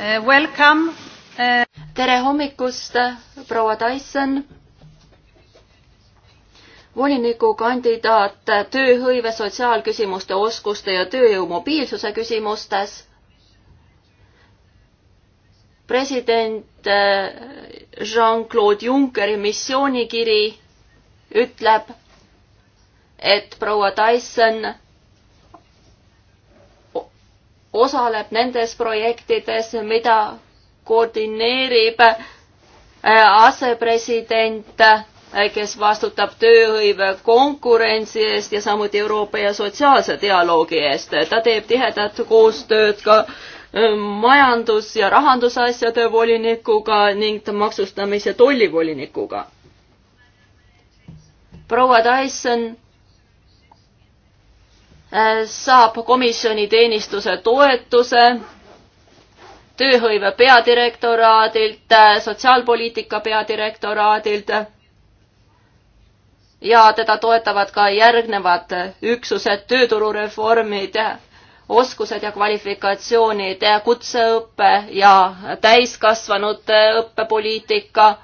Eh, welcome. Eh, tere hommikust, proua Tyson. volinikukandidaat tööhõive, sotsiaalküsimuste, oskuste ja tööjõu mobiilsuse küsimustes president äh, Jean-Claude Junckeri missioonikiri ütleb, et proua Tyson osaleb nendes projektides, mida koordineerib äh, asepresident, äh, kes vastutab tööhõive konkurentsi eest ja samuti Euroopa ja sotsiaalse dialoogi eest. ta teeb tihedat koostööd ka äh, majandus- ja rahandusasjade volinikuga ning maksustamise tollivolinikuga. proua Tyson äh, saab komisjoni teenistuse toetuse tööhõive peadirektoraadilt, äh, sotsiaalpoliitika peadirektoraadilt ja teda toetavad ka järgnevad üksused, tööturureformid oskused ja kvalifikatsioonid, kutseõpe ja täiskasvanute õppepoliitika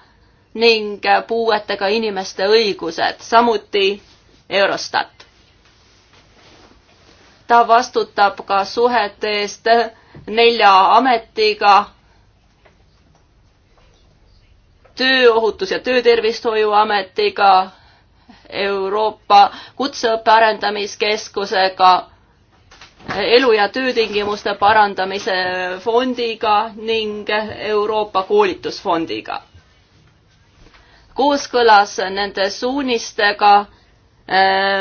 ning puuetega inimeste õigused, samuti Eurostat. ta vastutab ka suhete eest nelja ametiga, tööohutus- ja töötervishoiuametiga, Euroopa Kutseõppe Arendamiskeskusega elu- ja töötingimuste parandamise fondiga ning Euroopa koolitusfondiga. kooskõlas nende suunistega, äh,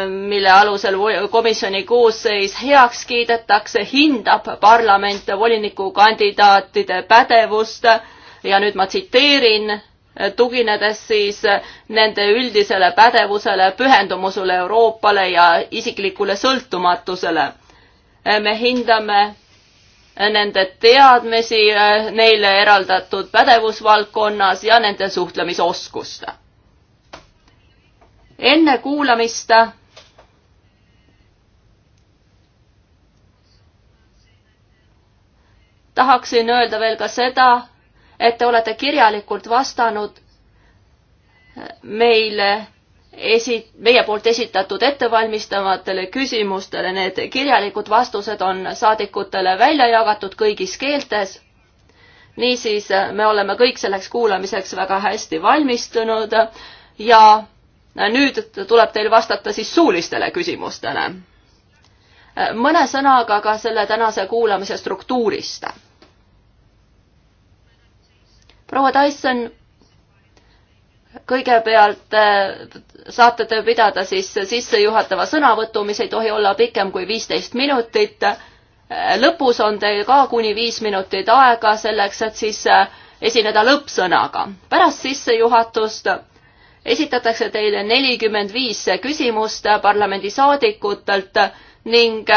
mille alusel komisjoni koosseis heaks kiidetakse, hindab parlament volinikukandidaatide pädevust ja nüüd ma tsiteerin, äh, tuginedes siis nende üldisele pädevusele, pühendumusele Euroopale ja isiklikule sõltumatusele Äh, me hindame äh, nende teadmisi äh, neile eraldatud pädevusvaldkonnas ja nende suhtlemisoskust. enne kuulamist tahaksin öelda veel ka seda, et te olete kirjalikult vastanud meile esi-, meie poolt esitatud ettevalmistavatele küsimustele, need kirjalikud vastused on saadikutele välja jagatud kõigis keeltes. niisiis, me oleme kõik selleks kuulamiseks väga hästi valmistunud ja nüüd tuleb teil vastata siis suulistele küsimustele. mõne sõnaga ka selle tänase kuulamise struktuurist. proua Tyson kõigepealt äh, saate te pidada siis sissejuhatava sõnavõtu, mis ei tohi olla pikem kui viisteist minutit. Äh, lõpus on teil ka kuni viis minutit aega selleks, et siis äh, esineda lõppsõnaga. pärast sissejuhatust esitatakse teile nelikümmend viis küsimust parlamendisaadikutelt ning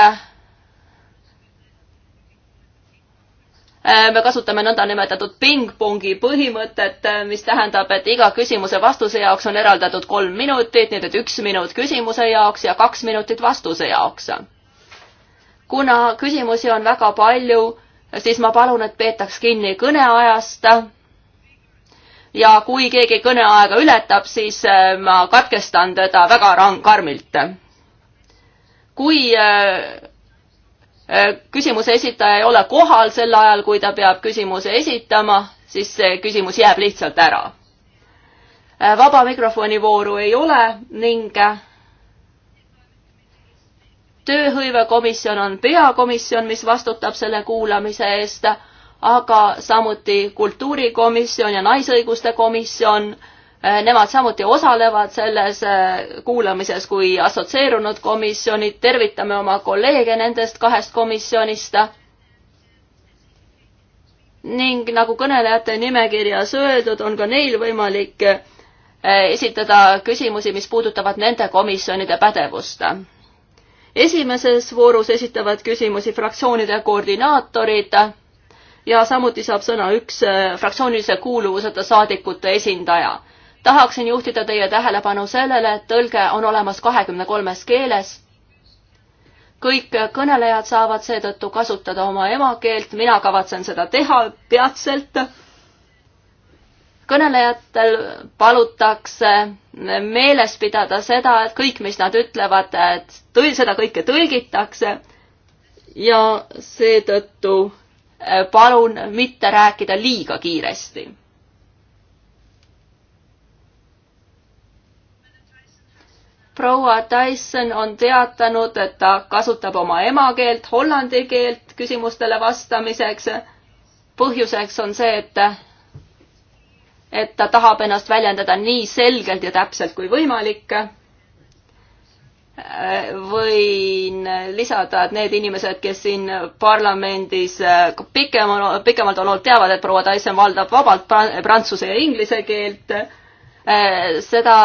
Äh, me kasutame nõndanimetatud pingpongi põhimõtet, äh, mis tähendab, et iga küsimuse vastuse jaoks on eraldatud kolm minutit, nii et üks minut küsimuse jaoks ja kaks minutit vastuse jaoks. kuna küsimusi on väga palju, siis ma palun, et peetaks kinni kõneajast. ja kui keegi kõneaega ületab, siis äh, ma katkestan teda väga karmilt. kui Äh, küsimuse esitaja ei ole kohal sel ajal, kui ta peab küsimuse esitama, siis see küsimus jääb lihtsalt ära. Äh, vaba mikrofoni vooru ei ole ning äh, tööhõivekomisjon on peakomisjon, mis vastutab selle kuulamise eest, aga samuti kultuurikomisjon ja naisõiguste komisjon Äh, nemad samuti osalevad selles äh, kuulamises kui assotsieerunud komisjonid, tervitame oma kolleege nendest kahest komisjonist ning nagu kõnelejate nimekirjas öeldud, on ka neil võimalik äh, esitada küsimusi, mis puudutavad nende komisjonide pädevust. esimeses voorus esitavad küsimusi fraktsioonide koordinaatorid ja samuti saab sõna üks fraktsioonilise kuuluvuseta saadikute esindaja tahaksin juhtida teie tähelepanu sellele, et tõlge on olemas kahekümne kolmes keeles. kõik kõnelejad saavad seetõttu kasutada oma emakeelt, mina kavatsen seda teha peatselt. kõnelejatel palutakse meeles pidada seda, et kõik, mis nad ütlevad, et tõl-, seda kõike tõlgitakse ja seetõttu palun mitte rääkida liiga kiiresti proua Tyson on teatanud, et ta kasutab oma emakeelt, hollandi keelt küsimustele vastamiseks. põhjuseks on see, et, et ta tahab ennast väljendada nii selgelt ja täpselt kui võimalik. võin lisada, et need inimesed, kes siin parlamendis pikem, pikemalt on olnud, teavad, et proua Tyson valdab vabalt prantsuse ja inglise keelt Äh, seda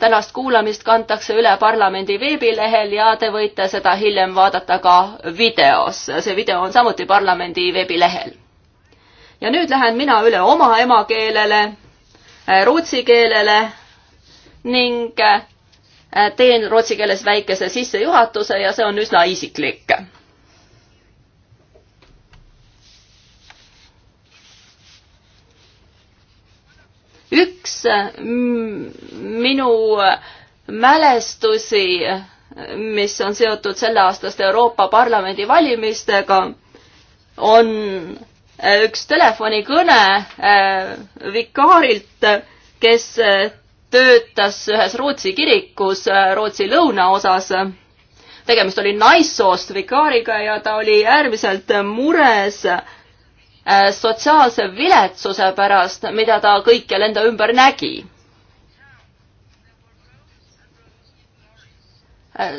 tänast kuulamist kantakse üle parlamendi veebilehel ja te võite seda hiljem vaadata ka videos. see video on samuti parlamendi veebilehel. ja nüüd lähen mina üle oma emakeelele, äh, rootsi keelele ning äh, teen rootsi keeles väikese sissejuhatuse ja see on üsna isiklik üks äh, minu äh, mälestusi, äh, mis on seotud selleaastaste Euroopa Parlamendi valimistega, on üks telefonikõne vikaarilt, kes töötas ühes Rootsi kirikus Rootsi lõunaosas. tegemist oli naissoost vikaariga ja ta oli äärmiselt mures äh, Äh, sotsiaalse viletsuse pärast, mida ta kõikjal enda ümber nägi. Äh,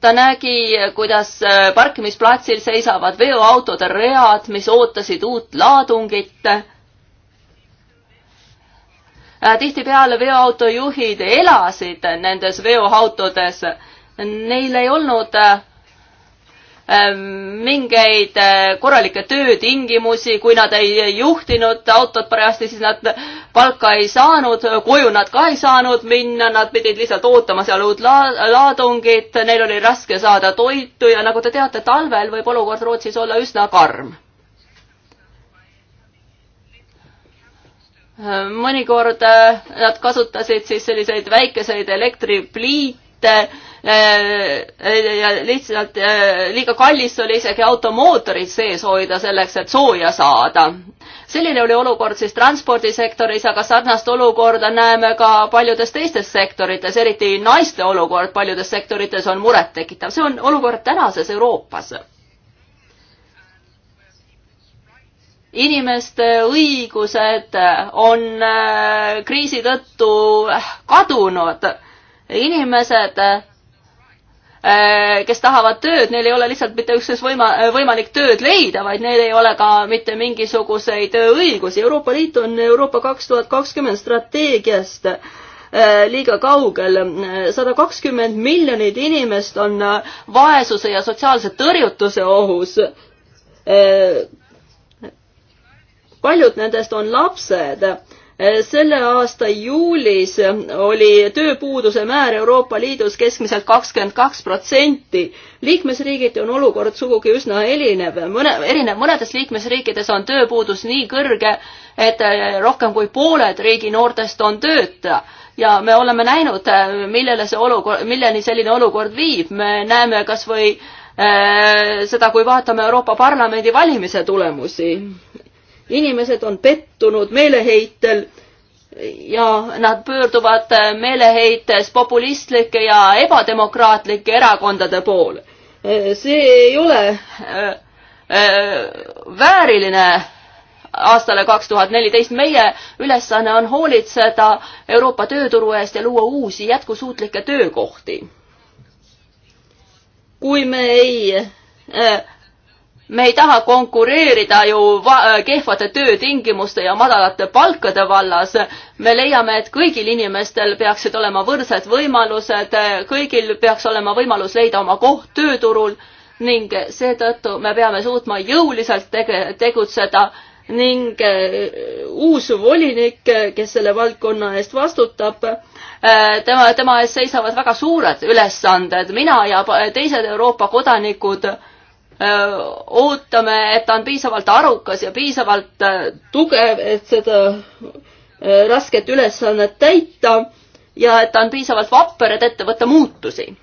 ta nägi, kuidas äh, parkimisplatsil seisavad veoautode read, mis ootasid uut laadungit. tihtipeale veoautojuhid elasid nendes veoautodes, neil ei olnud Ähm, mingeid äh, korralikke töötingimusi, kui nad ei juhtinud autot parajasti, siis nad palka ei saanud, koju nad ka ei saanud minna, nad pidid lihtsalt ootama seal uut laadungit, neil oli raske saada toitu ja nagu te teate, talvel võib olukord Rootsis olla üsna karm äh, mõnikord äh, nad kasutasid siis selliseid väikeseid elektripliite Äh, äh, ja lihtsalt äh, liiga kallis oli isegi automootorid sees hoida selleks, et sooja saada. selline oli olukord siis transpordisektoris, aga sarnast olukorda näeme ka paljudes teistes sektorites, eriti naiste olukord paljudes sektorites on murettekitav. see on olukord tänases Euroopas inimeste õigused on kriisi tõttu kadunud. inimesed Äh, kes tahavad tööd, neil ei ole lihtsalt mitte üksnes võima-, äh, võimalik tööd leida, vaid neil ei ole ka mitte mingisuguseid äh, õigusi. Euroopa Liit on Euroopa kaks tuhat kakskümmend strateegiast liiga kaugel. sada kakskümmend miljonit inimest on vaesuse ja sotsiaalse tõrjutuse ohus. paljud nendest on lapsed Eh, selle aasta juulis eh, oli tööpuuduse määr Euroopa Liidus keskmiselt kakskümmend kaks protsenti. liikmesriigiti on olukord sugugi üsna erinev, mõne, erinev, mõnedes liikmesriikides on tööpuudus nii kõrge, et eh, rohkem kui pooled riigi noortest on tööta ja me oleme näinud, millele see olukord, milleni selline olukord viib, me näeme kas või seda, kui vaatame Euroopa Parlamendi valimise tulemusi inimesed on pettunud meeleheitel ja nad pöörduvad meeleheites populistlike ja ebademokraatlike erakondade poole. see ei ole äh, äh, vääriline aastale kaks tuhat neliteist. meie ülesanne on hoolitseda Euroopa tööturu eest ja luua uusi jätkusuutlikke töökohti. kui me ei äh, me ei taha konkureerida ju äh, kehvade töötingimuste ja madalate palkade vallas. me leiame, et kõigil inimestel peaksid olema võrdsed võimalused, kõigil peaks olema võimalus leida oma koht tööturul ning seetõttu me peame suutma jõuliselt tege-, tegutseda ning äh, uus volinik, kes selle valdkonna eest vastutab, äh, tema, tema ees seisavad väga suured ülesanded, mina ja teised Euroopa kodanikud ootame, et ta on piisavalt arukas ja piisavalt äh, tugev, et seda äh, rasket ülesannet täita ja et ta on piisavalt vapper, et ette võtta muutusi.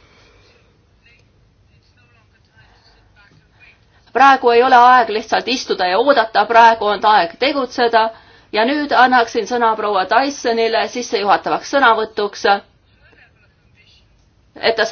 praegu ei ole aeg lihtsalt istuda ja oodata, praegu on aeg tegutseda ja nüüd annaksin sõna proua Tysonile sissejuhatavaks sõnavõtuks, et ta saaks